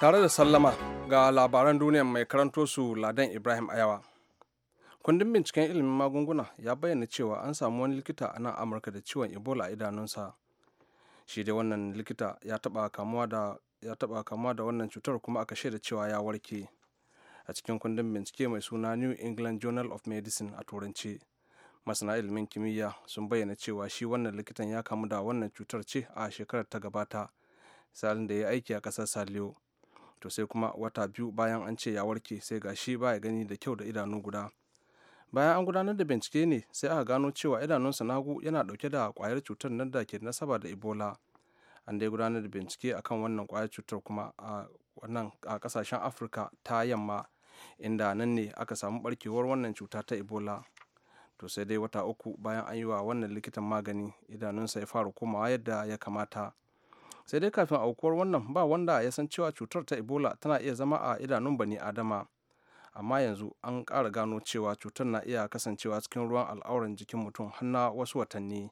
Tare da sallama ga labaran duniya mai karanto su Ladan Ibrahim Ayawa. Kundin binciken ilimin magunguna ya bayyana cewa an samu wani likita a nan Amurka da ciwon Ebola a idanunsa. Shi dai wannan likita ya taɓa kamuwa da kamuwa da wannan cutar kuma aka shaida cewa ya warke. A cikin kundin bincike mai suna New England Journal of Medicine a Turanci. Masana ilimin kimiyya sun bayyana cewa shi wannan likitan ya kamu da wannan cutar ce a shekarar ta gabata. salin da ya aiki a kasar saliyo to sai kuma wata biyu bayan an ce ya warke sai ga shi baya gani da kyau da idanu guda bayan an gudanar da bincike ne sai aka gano cewa idanunsa na hagu yana dauke da kwayar cutar nan da ke nasaba da ebola an dai gudanar da bincike akan wannan kwayar cutar kuma a wannan a kasashen afirka ta yamma inda nan ne aka samu barkewar wannan cuta ta ebola to sai dai wata uku bayan an yi wa wannan likitan magani idanunsa ya fara komawa yadda ya kamata sai dai kafin aukuwar wannan ba wanda ya san cewa cutar ta ebola tana iya zama a idanun bani adama amma yanzu an kara gano cewa cutar na iya kasancewa cikin ruwan al'auran jikin mutum har na wasu watanni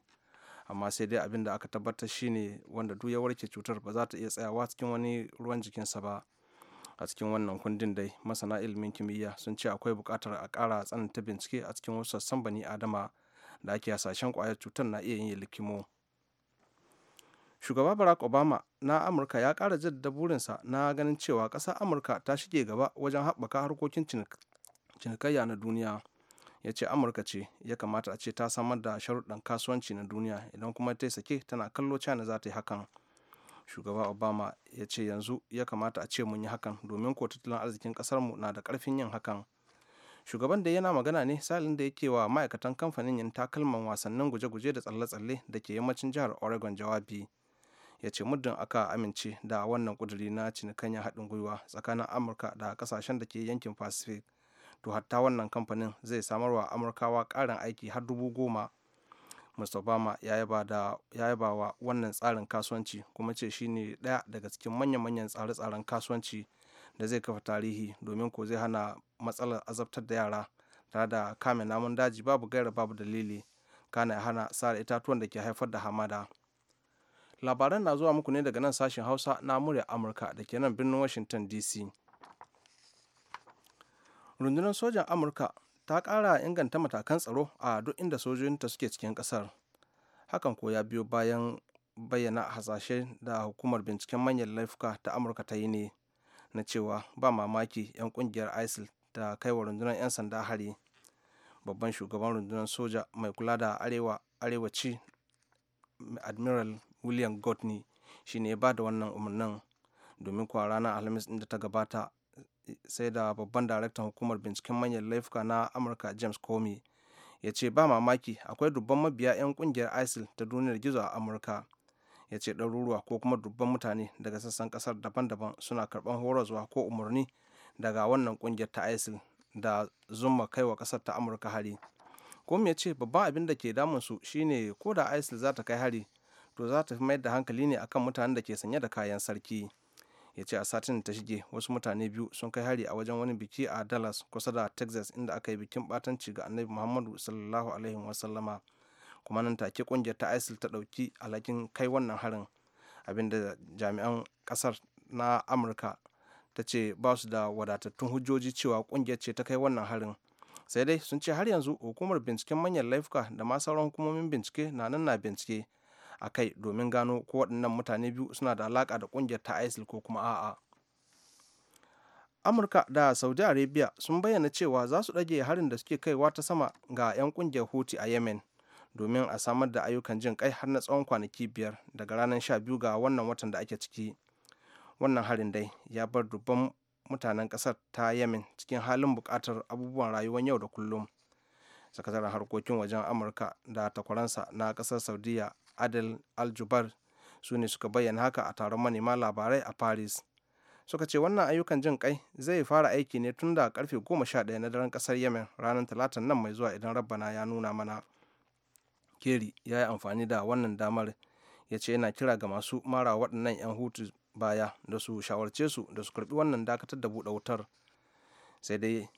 amma sai dai abin da aka tabbatar shine wanda duk ya warke cutar ba za ta iya tsayawa cikin wani ruwan jikinsa ba a cikin wannan kundin dai masana ilimin kimiyya sun ce akwai buƙatar a ƙara tsananta bincike a cikin wasu sassan bani adama da ake hasashen ƙwayar cutar na iya yin likimo. shugaba barack obama na amurka ya kara jaddada burinsa na ganin cewa ƙasar amurka ta shige gaba wajen haɓaka harkokin cinikayya na duniya ya ce amurka ce ya kamata a ce ta samar da sharuɗan kasuwanci na duniya idan kuma ta sake tana kallo china za ta yi hakan shugaba obama ya ce yanzu ya kamata a ce mun yi hakan domin ko tattalin arzikin mu na da ƙarfin yin hakan shugaban da yana magana ne salin da yake wa ma'aikatan kamfanin yin takalman wasannin guje-guje da tsalle-tsalle da ke yammacin jihar oregon jawabi ya ce muddin aka amince da wannan kuduri na cinikanya haɗin gwiwa tsakanin amurka da kasashen da ke yankin pacific to hatta wannan kamfanin zai samarwa amurkawa ƙarin aiki har dubu goma mr obama ya yaba wa wannan tsarin kasuwanci kuma ce shi ne ɗaya daga cikin manya-manyan tsare-tsaren kasuwanci da zai kafa tarihi domin ko zai hana matsalar azabtar da yara tare da kame namun daji babu gaira babu dalili kana hana sare itatuwan da ke haifar da hamada labaran na zuwa muku ne daga nan sashen hausa na murya amurka da ke nan birnin washington dc rundunar sojan amurka ta ƙara inganta matakan tsaro a duk inda sojojinta suke cikin ƙasar hakan ko ya biyo bayan bayyana hasashe da hukumar binciken manyan laifuka ta amurka ta yi ne na cewa ba mamaki 'yan kungiyar isil da kaiwa rundunar 'yan sanda hari babban shugaban rundunar soja mai kula da arewa arewaci admiral william godney shi ne ya ba da wannan umarnin domin kuwa ranar alhamis da ta gabata sai da babban daraktan hukumar binciken manyan laifuka na amurka james comey ya ce ba mamaki akwai dubban mabiya 'yan kungiyar isil ta duniyar gizo a amurka ya ce ɗaruruwa ko kuma dubban mutane daga sassan kasar daban-daban suna karɓar horaswa ko umarni daga wannan kungiyar ta isil da zuma kai wa kasar ta amurka hari kuma ya ce babban abin da ke damun su shine ko da isil za ta kai hari to za ta fi mayar da hankali ne akan mutanen da ke sanye da kayan sarki ya ce a satin da ta shige wasu mutane biyu sun kai hari a wajen wani biki a dallas kusa da texas inda aka yi bikin batanci ga annabi muhammadu sallallahu alaihi wasallama kuma nan take kungiyar ta isil ta dauki alhakin kai wannan harin abinda jami'an kasar na amurka ta ce ba su da wadatattun hujjoji cewa kungiyar ce ta kai wannan harin sai dai sun ce har yanzu hukumar binciken manyan laifuka da ma sauran hukumomin bincike na nan na bincike a kai domin gano ko waɗannan mutane biyu suna da alaƙa da ƙungiyar ta isil ko kuma a'a amurka da saudi arabia sun bayyana cewa za su ɗage harin da suke kaiwa ta sama ga 'yan ƙungiyar huti a yemen domin a samar da ayyukan jin kai har na tsawon kwanaki biyar daga ranar 12 ga wannan watan da ake ciki wannan harin dai ya bar dubban mutanen ƙasar ta yemen cikin halin buƙatar abubuwan rayuwar yau da kullum sakataren harkokin wajen amurka da takwaransa na ƙasar saudiya adel aljubar su ne suka bayyana haka a taron manema labarai a paris suka ce wannan ayyukan jin kai zai fara aiki ne tun da karfe 11 na daren kasar yemen ranar talatan nan mai zuwa idan rabbana ya nuna mana keri ya yi amfani da wannan damar ya ce yana kira ga masu mara waɗannan 'yan hutu baya da su shawarce su da su karbi wannan dakatar da buɗe wutar sai dai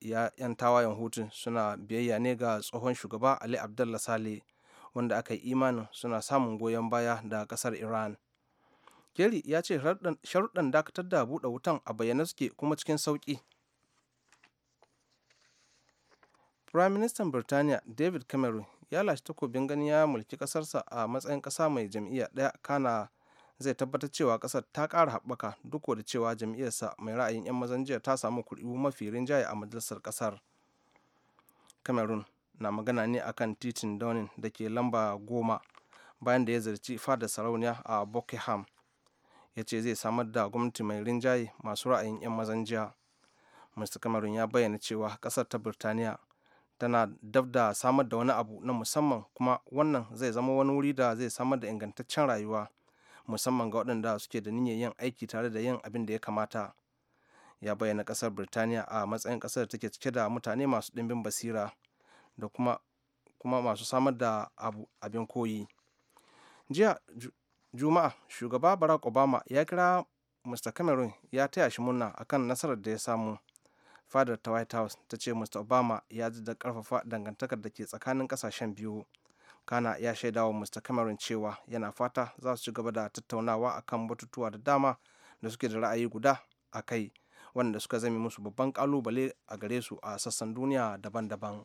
ya 'yan tawayen hutun suna biyayya ne ga tsohon shugaba ali abdullah sale wanda aka yi imanin suna samun goyon baya daga kasar iran kerry ya ce sharuɗan dakatar da buɗe wutan a bayyane suke kuma cikin sauƙi firaministan birtaniya david cameron ya lashe takobin ganin ya mulki ƙasarsa a matsayin ƙasa mai jam'iyya ɗaya kana zai tabbatar cewa ƙasar ta ƙara haɓaka duk da cewa jam'iyyarsa mai ra'ayin 'yan mazan jiya ta samu kuri'u mafi rinjaye a majalisar ƙasar cameron. na magana ne akan titin downing da ke lamba goma bayan da ya zarci fada sarauniya a buckingham ya ce zai samar da gwamnati mai rinjaye masu ra'ayin 'yan mazan jiya mr cameron ya bayyana cewa kasar ta birtaniya tana dab da samar da wani abu na musamman kuma wannan zai zama wani wuri da zai samar da ingantaccen rayuwa musamman ga waɗanda suke da niyyar yin aiki tare da yin abin da ya kamata ya bayyana kasar birtaniya a matsayin kasar da take cike da mutane masu ɗimbin basira da kuma masu samar da abin koyi jiya juma'a shugaba barack obama ya kira mr cameron ya taya shi murna akan nasarar da ya samu fadar ta white house ta ce mr obama ya ji da karfafa dangantakar da ke tsakanin kasashen biyu kana ya shaidawa mr cameron cewa yana fata za su ci gaba da tattaunawa akan batutuwa da dama da suke da ra'ayi guda a kai wanda suka zame musu babban kalubale a gare su a sassan duniya daban-daban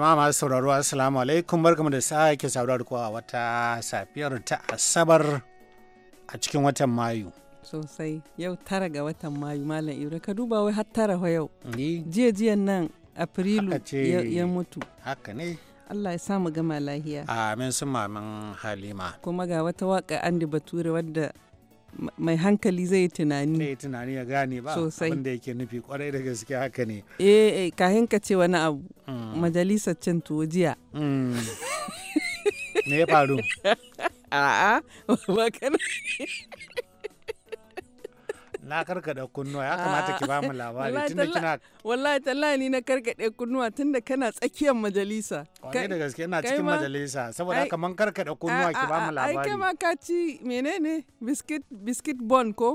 jama'a masu sauraro assalamu alaikum barkamu da sake saurar kuwa wata safiyar ta asabar a cikin watan mayu sosai yau tara ga watan mayu malam ibra ka duba wai har tara wa yau jiya jiyan nan afrilu ya mutu haka ne Allah ya samu gama lahiya amin sun mamin halima kuma ga wata waka andi bature wadda mai hankali zai tunani zai tunani ya gane ba sosai abinda yake nufi kwarai da gaske haka ne eh, eh kahin ka ce wani abu mm. majalisar cin tuwo jiya mm. me ya faru a'a magana la karkada kunnuwa ya ah, kamata ki bamu labari tunda kina wallahi tallahi ni na karkade kunnuwa tunda kana tsakiyar majalisa kai da gaske ina cikin majalisa saboda kaman karkada kunnuwa ki bamu labari ai kai ma ka ci menene biscuit biscuit bon ko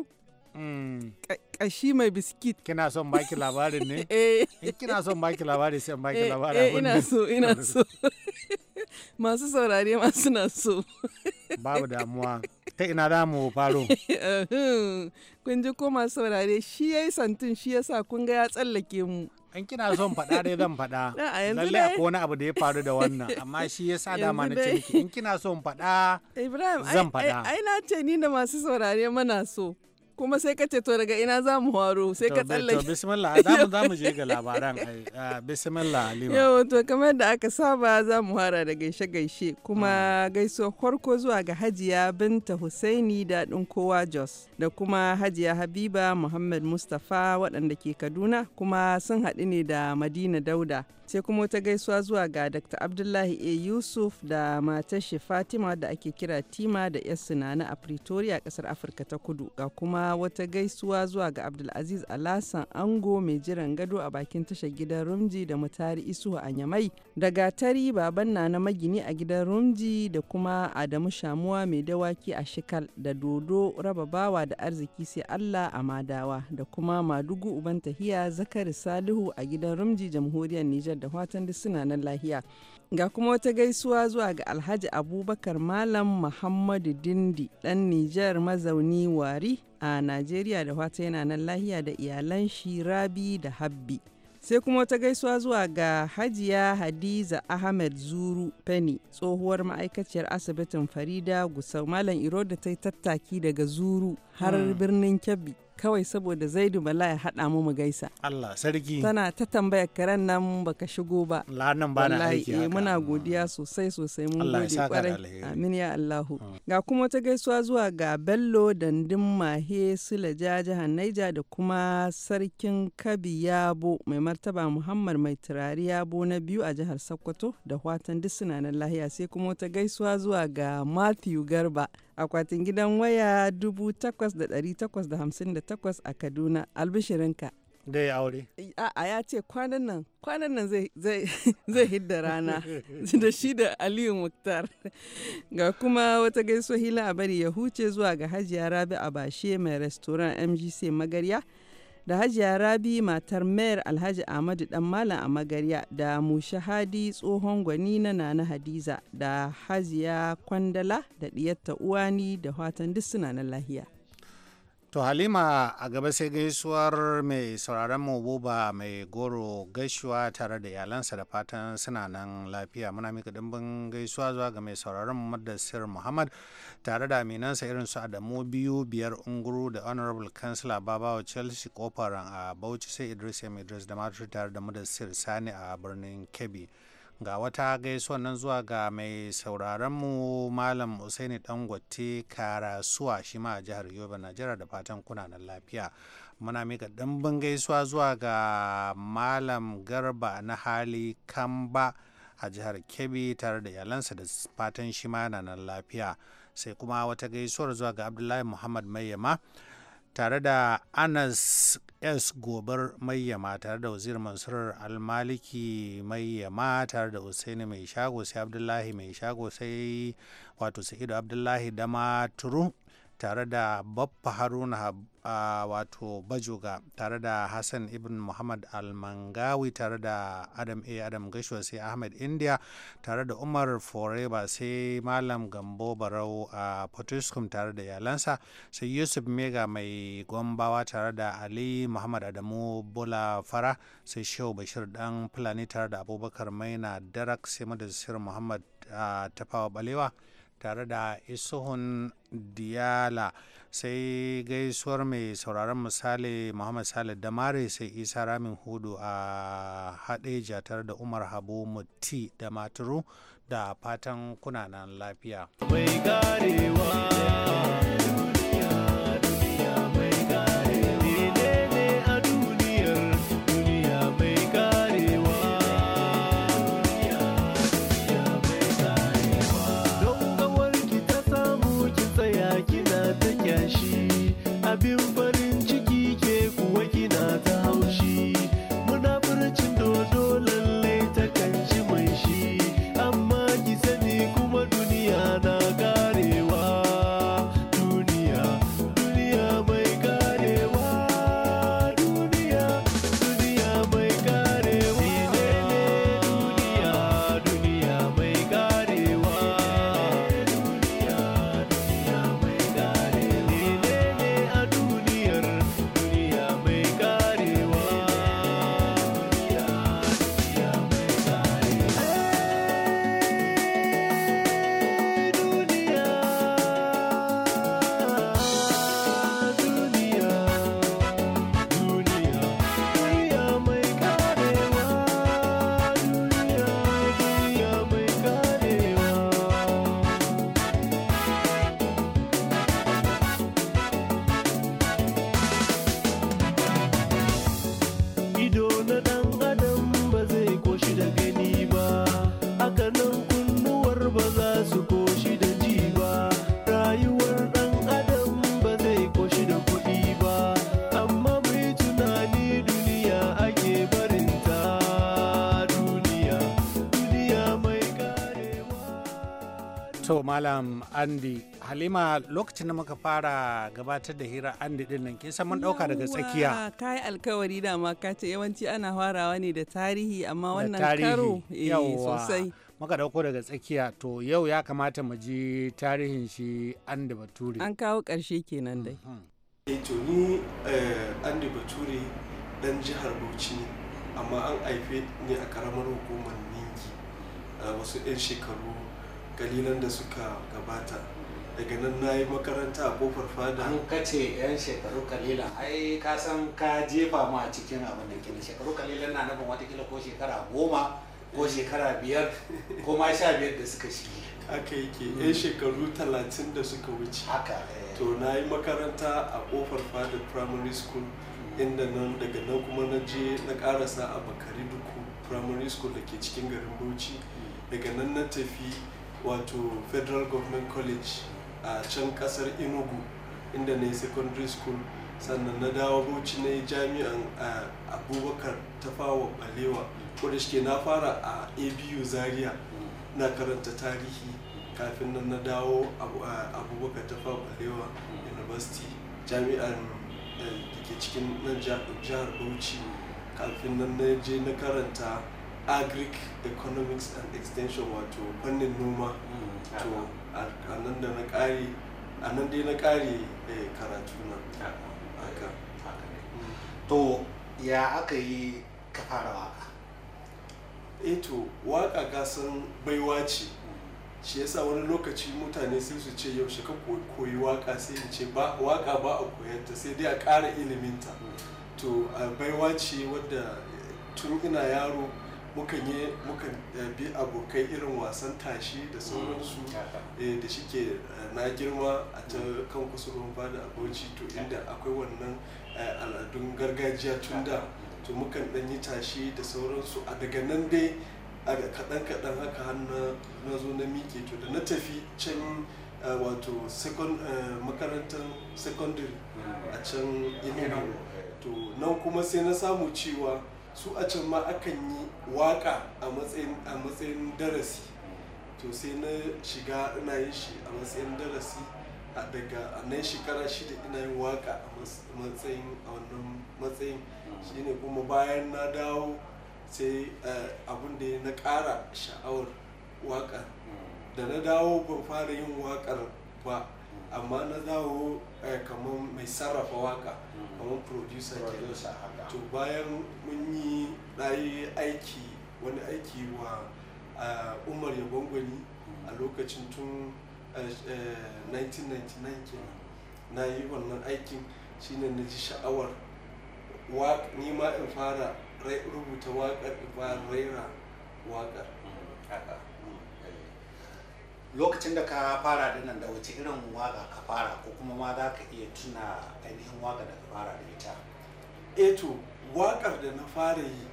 Kashi mai biskit. Kina son baki labarin ne? Eh. Kina son baki labarin sai baki labarin. Eh, eh ina so ina so. Masu saurare ma suna so. Babu damuwa. Ta ina da mu faro. Kun ji ko masu saurare shi yayi santin shi yasa kun ga ya tsallake mu. An kina son faɗa dai zan faɗa ah, lalle akwai wani abu da ya faru da wannan amma shi ya sa dama na ce in kina son faɗa zan faɗa ai na ce ni da masu saurare mana so kuma sai ka ce to daga ina za mu waro sai ka tsallake to bismillah za mu za mu je ga labaran bismillah halima yau to kamar da aka saba za mu hara da gaishe gaishe kuma mm. gaisuwar farko zuwa ga hajiya binta husaini daɗin kowa jos da kuma hajiya habiba muhammad mustapha waɗanda ke kaduna kuma sun haɗu ne da madina dauda sai kuma wata gaisuwa zuwa ga dr abdullahi a yusuf da matar shi fatima da ake kira tima da yar sinana a pretoria kasar afirka ta kudu ga kuma wata gaisuwa zuwa ga abdulaziz alasan ango mai jiran gado a bakin tashar gidan rumji da mutari isu a nyamai da gatari baban nana magini a gidan rumji da kuma adamu shamuwa mai dawaki a shikal da dodo raba bawa da arziki sai allah a madawa da kuma madugu uban tahiya zakari salihu a gidan rumji jamhuriyar nijar da fatan duk suna nan lahiya. Ga kuma wata gaisuwa zuwa ga Alhaji Abubakar Malam Muhammadu Dindi ɗan Nijar mazauni wari a Najeriya da fata yana nan lahiya da iyalan shi Rabi da Habbi. sai kuma wata gaisuwa zuwa ga hajiya hadiza ahmed zuru Peni tsohuwar ma'aikaciyar asibitin farida gusau malam iro da ta yi tattaki daga zuru har hmm. birnin kebbi kawai saboda zaidu bala ya haɗa mu mu gaisa Allah sarki tana ta tambayar karen nan baka shigo ba lanan ba na aiki eh, haka muna godiya sosai sosai mun gode kwarai amin ya Allahu hmm. ga kuma wata gaisuwa zuwa ga Bello Dandin Mahe Sula jihar Naija da kuma sarkin Kabi Yabo mai martaba Muhammad mai turari Yabo na biyu a jihar Sokoto da watan duk suna lahiya sai kuma wata gaisuwa zuwa ga Matthew Garba akwatin gidan waya 8858 a kaduna albishirinka da ya aure eh, a ya ce kwanan nan kwanan nan zai hidda rana da shi da aliyu muktar ga kuma wata gaisuwa hila a bari ya huce zuwa ga hajiya rabi a bashe mai restoran mgc magarya da Hajiya Rabi matar Mayar Alhaji Ahmadu Dan Malam a Magarya da Mushahadi tsohon gwani na Nana Hadiza da Hajiya Kwandala da ta Uwani da fatan duk suna na lahiya. To Halima a gaba sai gaisuwar mai sauraron mu buba mai goro gaisuwa tare da iyalansa da fatan suna nan lafiya muna mika dimbin gaisuwa zuwa ga mai sauraron mu Muhammad tare da aminansa irin su Adamu biyu biyar unguru da Honorable Councillor Babawa Chelsea Kofaran a Bauchi sai Idris Idris da Matu tare da madasir Sani a birnin Kebbi. ga wata gaisuwan nan zuwa ga mai sauraronmu malam usaini dangote karasuwa shi ma a jihar yobe najera da fatan kuna nan lafiya muna mika ɗimbin gaisuwa zuwa ga malam garba na hali kamba a jihar kebbi tare da yalansa da fatan shi ma yana nan lafiya sai kuma wata gaisuwar zuwa ga abdullahi muhammad mayyama tare da anas s gobar mayyama tare da wazir mansur almaliki mayyama tare da usaini mai shago sai abdullahi mai shago sai wato sa'idu abdullahi dama turu tare da Baffa Haruna uh, wato Bajoga tare da Hassan Ibn Muhammad Almangawi tare da Adam A. Adam Gashuwa sai Ahmed India tare da Umar Foreba sai Malam Gambo Barau a uh, tare da yalansa sai Yusuf Mega mai gombawa tare da Ali Muhammad Adamu Bola Fara sai Shehu Bashir Dan Fulani tare da Abubakar Maina Darak sai Madasir Muhammad uh, Tafawa Balewa. tare da isuhun diyala sai gaisuwar mai sauraron misali muhammad da damare sai isa ramin hudu a haɗeja tare da umar habu mutti da maturu da fatan kunanan lafiya mai garewa to malam andi halima lokacin da muka fara gabatar da hira andi din nan san mun dauka daga tsakiya kai alkawari da ma ka ce yawanci ana farawa ne da tarihi amma wannan karo eh sosai muka dauko daga tsakiya to yau ya kamata mu ji tarihin shi andi bature an kawo karshe kenan dai mhm. eh to ni eh, andi bature dan jihar bauchi ne amma an haife ni a karamar hukumar ningi wasu 'yan shekaru kalilan da suka gabata daga nan na yi makaranta a kofar fada an kace yan shekaru kalila ai ka san ka jefa mu a cikin abin da kila shekaru kalilan na nufin watakila ko shekara goma ko eh. shekara biyar ko ma sha biyar da suka shi. haka yake hmm. yan shekaru talatin da suka wuce haka eh. to na yi makaranta a kofar fada primary school inda nan daga nan kuma na je na karasa a bakari duku primary school da ke cikin garin bauchi hmm. daga nan na tafi wato federal government college a can kasar inugu inda na yi secondary school sannan na dawo bauchi na yi jami'an abubakar ta fawa balewa da shi na fara a abu zaria na karanta tarihi kafin nan na dawo abubakar ta fawa balewa university jami'an eh, da ke cikin nan jihar bauchi kafin nan na je na karanta agric economics and extension wato fannin noma mm, to a nan da na a dai na kari eh, karatu na haka mm. to ya aka yi ka fara waka eto eh waka gasan baiwa ce mm. shi yasa wani lokaci mutane sai su ce yaushe ka koyi waka sai in ce waka ba a koyarta sai dai a ƙara iliminta to baiwa ce wadda eh, tun ina yaro mukan yi mukan eh, bi abokai irin wasan tashi da sauransu mm, eh, da shike eh, na girma a ta kan kusurwan da abuci to inda akwai wannan al'adun gargajiya tun da to mukan dan yi tashi da sauransu a daga nan dai a kaɗan kaɗan haka hannu na zo na miƙe to da na tafi can wato makarantar secondary mm. a can ilimin to nan kuma sai na samu cewa su a can ma akan yi waka a matsayin darasi to sai na shiga ina yin shi a matsayin darasi a daga nan shekara shida ina yin waka a matsayin a wannan matsayin shine kuma bayan na dawo sai eh, abin da na ƙara sha'awar waka da na dawo ban fara yin wakar ba amma na dawo eh, kamar mai sarrafa waka mm. kamar producer kenan to bayan mun yi ɗayi aiki wani aiki wa eh, umar yabangwani a mm. lokacin tun 1999 eh, ke na yi wannan aikin shine na ji sha'awar ni ma in fara rubuta waƙar in fara raira waƙar mm. lokacin da ka fara da nan da wace irin waka ka fara ko kuma ma za ka iya tuna ainihin waka da ka fara da ita eh to wakar da na fara yi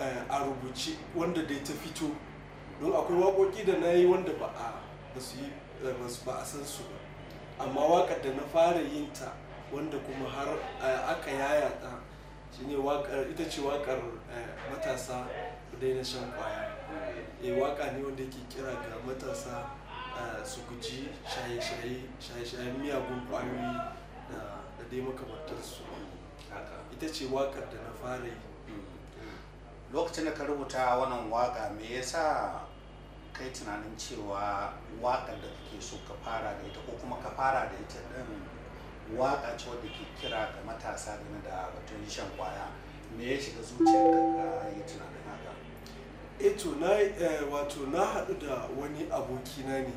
eh, a rubuce wanda dai ta fito don akwai waƙoƙi da na yi wanda ba a basu su yi eh, ba a san su ba amma wakar da na fara yin ta wanda kuma har eh, aka yaya ta shine wakar ita ce wakar eh, matasa ku daina shan kwaya eh waka ne wanda yake kira ga matasa eh, su guji shaye-shaye shaye-shayen miyagun kwayoyi da dai makamantarsu ita ce wakar da na fara yi mm. lokacin da ka rubuta wannan waka me yasa kai tunanin cewa wakar da kake so ka fara da ita ko kuma ka fara da ita din waka ce wadda ke kira ga matasa game da batun shan kwaya me ya shiga zuciyarka ka yi tunanin haka eto eh na eh, wato na haɗu da wani abokina ne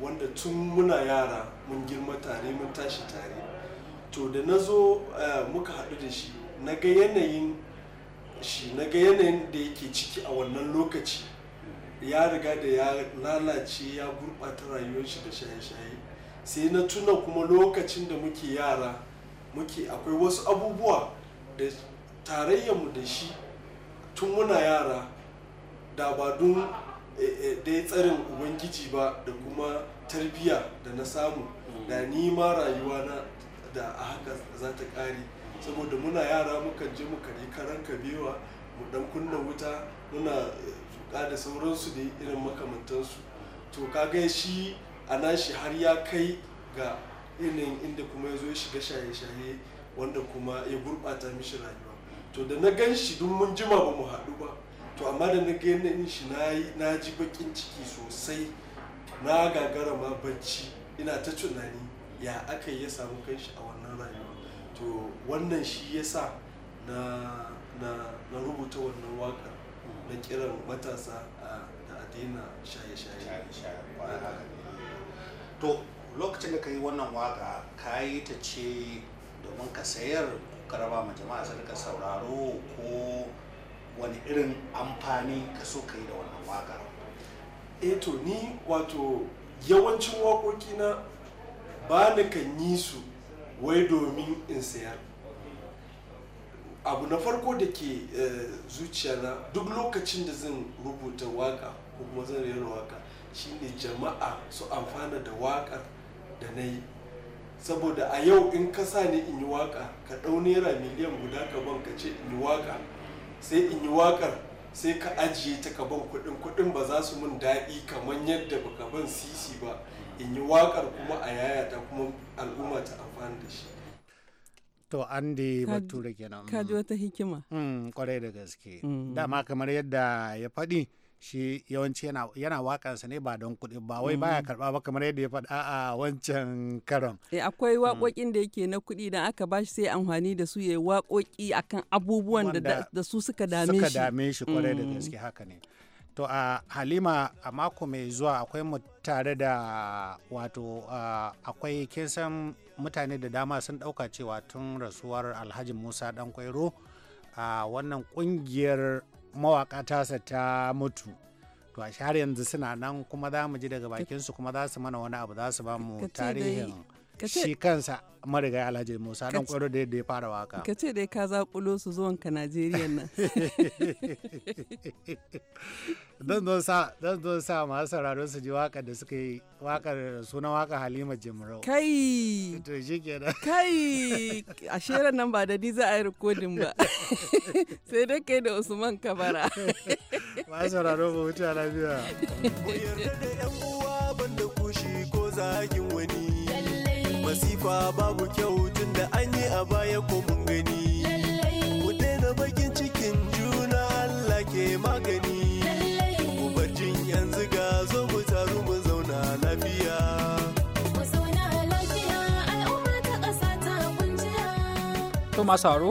wanda tun muna yara mun girma tare mun tashi tare to da na zo eh, muka haɗu da shi na ga yanayin shi na ga yanayin da yake ciki a wannan lokaci ya riga da ya lalace ya gurɓata rayuwar shi da shaye-shaye sai na tuna kuma lokacin da muke yara muke akwai wasu abubuwa da mu da shi tun muna yara da ba don eh, eh, dai tsarin ubangiji ba da kuma tarbiyya da na samu da ni ma rayuwa na da a haka za ta ƙare saboda muna yara mukan je muka yi karan kabewa mu dan kunna wuta muna fuka eh, da sauransu da irin makamantansu to kaga shi a shi har ya kai ga yanayin inda kuma ya zo ya shiga shaye-shaye wanda kuma ya gurɓata mishi rayuwa to da na gan shi duk mun jima ba mu haɗu ba to amma da na ga yanayin shi na ji baƙin ciki sosai na gagara ma bacci ina ta tunani ya aka ya samu kanshi a wannan rayuwa to wannan shi ya sa na, rubuta wannan waƙar na kiran matasa da a daina shaye-shaye to lokacin da ka yi wannan waka ka yi ta ce domin ka sayar ka raba ma jama'a su rika sauraro ko wani irin amfani ka so ka yi da wannan waka eh to ni wato yawancin waƙoƙi na ba ni kan yi su wai domin in sayar abu na farko da ke eh, zuciya duk lokacin da zan rubuta waka ko kuma zan rera waka shine jama'a su amfana da waƙar da na yi saboda a yau in ka sa ni in yi waƙa ka ɗau naira miliyan guda ka ban ka ce in yi waƙa sai in yi waƙar sai ka ajiye ta ka ban kuɗin kuɗin ba za su min daɗi kamar yadda ba ka ban sisi ba in yi waƙar kuma a yayata kuma al'umma ta amfana da shi To an Andy Bature kenan. Kaji wata hikima. Mm, kwarai da gaske. Mm. Dama kamar yadda ya faɗi. shi yawanci yana wakansa ne ba don kuɗi ba wai baya mm-hmm. karba ba kamar yadda ya faɗa a wancan karon eh akwai mm. waƙoƙin da yake na kuɗi da aka bashi sai amfani da su yayi waƙoƙi akan abubuwan da su suka dame shi suka dame shi kwarai da mm. gaske haka ne to a halima a mako mai zuwa akwai mu tare da wato akwai kinsan mutane da dama sun ɗauka cewa tun rasuwar alhaji musa dan kwairo a wannan ƙungiyar. mawaka tasa ta mutu to a har yanzu suna nan kuma za mu ji daga bakinsu kuma za su mana wani abu za su ba mu tarihin shi kansa marigayi alhaji musa dan kwaro da ya fara waka ka ce dai ka zaƙulo su zuwan ka najeriya nan don don sa don don sa masu sauraro su ji waka da suka yi wakar suna waka halima jimro kai to shi kenan kai a shirin nan ba da ni za a yi rikodin ba sai dai kai da usman kabara masu sauraro ba wuce lafiya ko yarda da yan uwa banda kushi ko zagin wani kwa babu kyau tun da an yi a baya ko mun gani ku daina bakin cikin juna Allah ke magani ku bar yanzu ga zo mu taru mu zauna lafiya To masu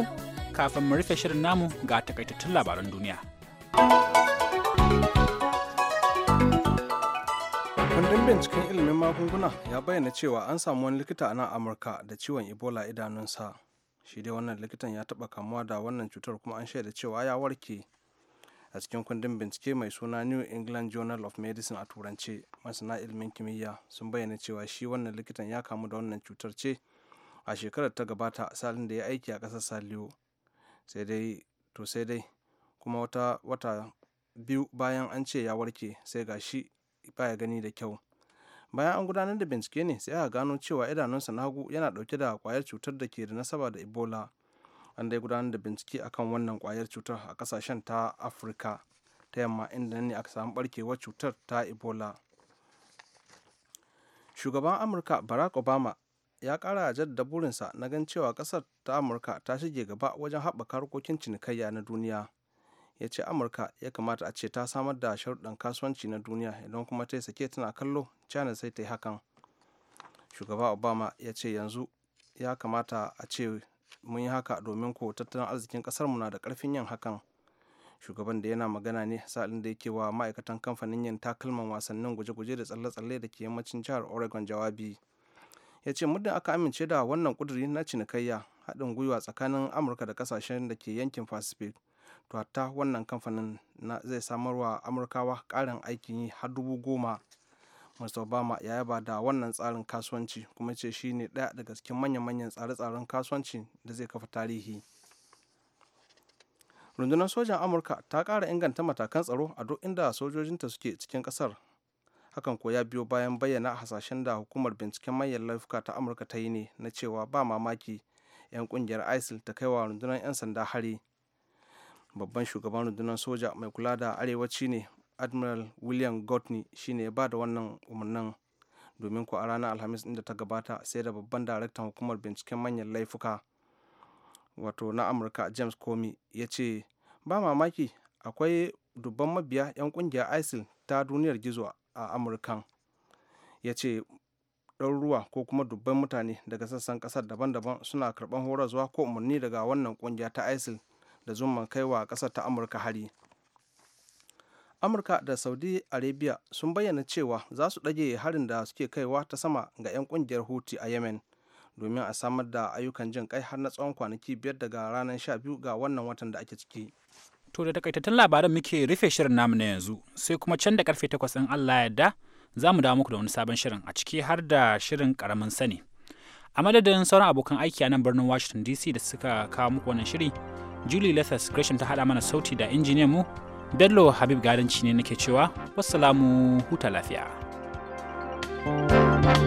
kafin mu rufe shirin namu ga takaitattun labaran duniya. binciken ilimin magunguna ya bayyana cewa an samu wani likita a nan amurka da ciwon ebola idanunsa shi dai wannan likitan ya taba kamuwa da wannan cutar kuma an shaida cewa ya warke a cikin kundin bincike mai suna new england journal of medicine a turance masana ilimin kimiyya sun bayyana cewa shi wannan likitan ya kamu da wannan cutar ce a shekarar ta gabata salin da ya aiki a ƙasar saliyo sai dai to sai dai kuma wata wata biyu bayan an ce ya warke sai ga shi baya gani da kyau bayan an gudanar da bincike ne sai aka gano cewa idanunsa na hagu yana dauke da kwayar cutar da ke da nasaba da ebola an dai gudanar da bincike akan wannan kwayar cutar a kasashen ta afirka ta yamma inda ne aka samu barkewar cutar ta ebola shugaban amurka barack obama ya kara jaddada burinsa na gan cewa kasar ta amurka ta shige gaba wajen haɓaka harkokin cinikayya na duniya ya ce amurka ya kamata a ce ta samar da sharuɗan kasuwanci na duniya idan kuma ta yi sake tana kallo china sai ta yi hakan shugaba obama ya ce yanzu ya kamata a ce mun yi haka domin ko tattalin arzikin kasar mu na da ƙarfin yin hakan shugaban da yana magana ne sa'ilin da yake wa ma'aikatan kamfanin yin takalman wasannin guje-guje da tsalle-tsalle da ke yammacin jihar oregon jawabi ya ce muddin aka amince da wannan kuduri na cinikayya haɗin gwiwa tsakanin amurka da kasashen da ke yankin pacific to wannan kamfanin zai samarwa wa amurkawa karin aikin yi har dubu goma mr obama ya yaba da wannan tsarin kasuwanci kuma ce shi ne ɗaya daga cikin manya-manyan tsare-tsaren kasuwanci da zai kafa tarihi rundunar sojan amurka ta ƙara inganta matakan tsaro a duk inda sojojinta suke cikin ƙasar hakan ko ya biyo bayan bayyana hasashen da hukumar binciken manyan laifuka ta amurka ta yi ne na cewa ba mamaki 'yan kungiyar isil ta kai wa rundunar 'yan sanda hari babban shugaban rundunar soja mai kula da arewaci ne admiral william gotney shine ya ba da wannan umarnin domin ku a ranar alhamis inda ta gabata sai da babban daraktan hukumar binciken manyan laifuka wato na amurka james comey ya ce ba mamaki akwai dubban mabiya 'yan kungiyar isil ta duniyar gizo a amurkan ya ce ɗaruruwa ko kuma dubban mutane daga sassan ƙasar daban-daban suna karɓar zuwa ko umarni daga wannan kungiya ta isil da zuman kaiwa kasar ta amurka hari amurka da saudi arabia sun bayyana cewa za su ɗage harin da suke kaiwa ta sama ga 'yan kungiyar huti a yemen domin a samar da ayyukan jin kai har na tsawon kwanaki biyar daga ranar 12 ga wannan watan da ake ciki to da takaitattun labaran muke rufe shirin namu na yanzu sai kuma can da karfe 8 in allah yarda za mu dawo muku da wani sabon shirin a ciki har da shirin karamin sani a madadin sauran abokan aiki a nan birnin washington dc da suka kawo muku wannan shiri Julie Lethas Gresham ta haɗa mana sauti da injiniyan mu, Bello Habib Gadanci ne nake cewa, wassalamu huta lafiya. thank you